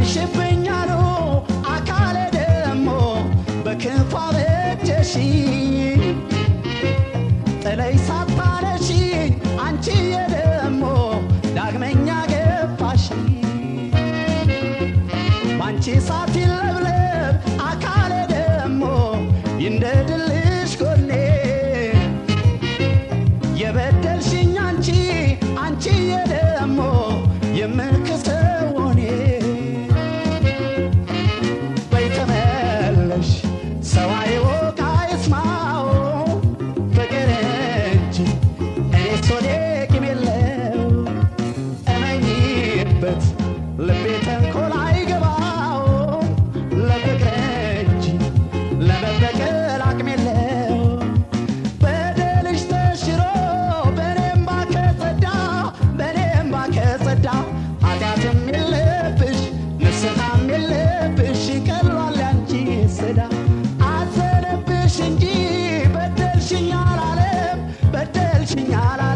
መንሽብኛ ነው አካለ ደሞ በክንፋ በእጀሺ ጥለይ ሳታነሺ አንቺ የደሞ ዳግመኛ ገፋሽ ባንቺ ሳት ይለብለብ አካለ ደሞ ይንደድልሽ ልቤ ተንኮል አይገባውም ለፍቅር እንጂ ለመበቀል አቅም የለው በደልሽ ተሽሮ በኔም ባከጸዳ በኔም ባከጸዳ ኃጢአትም የለብሽ ንስሐም የለብሽ ይቀሏል ያንቺ ስዳ አዘነብሽ እንጂ በደልሽኛ አላለም በደልሽኛ አላ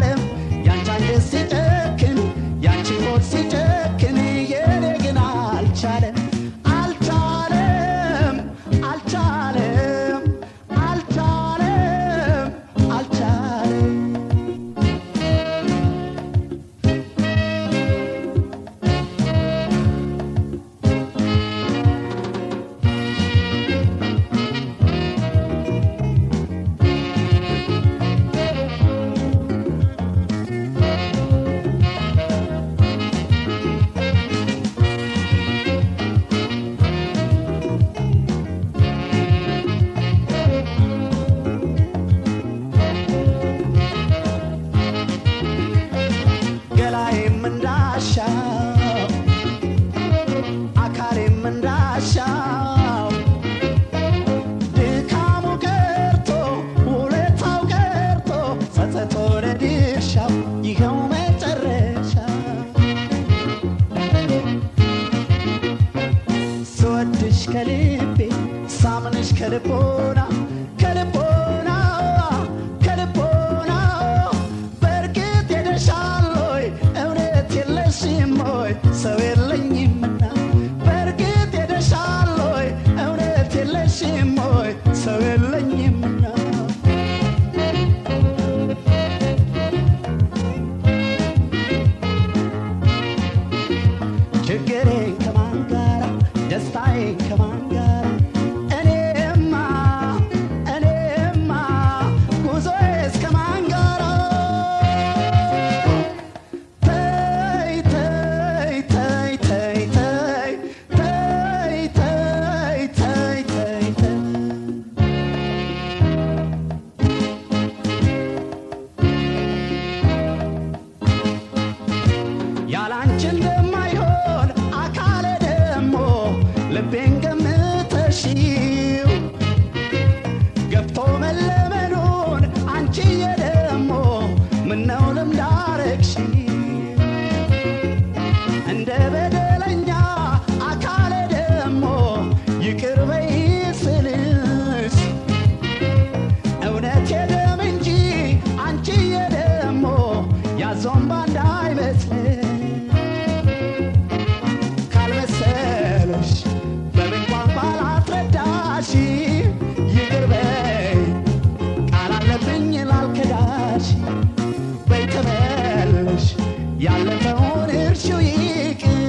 and I shall. Saçım oy severler her şu iki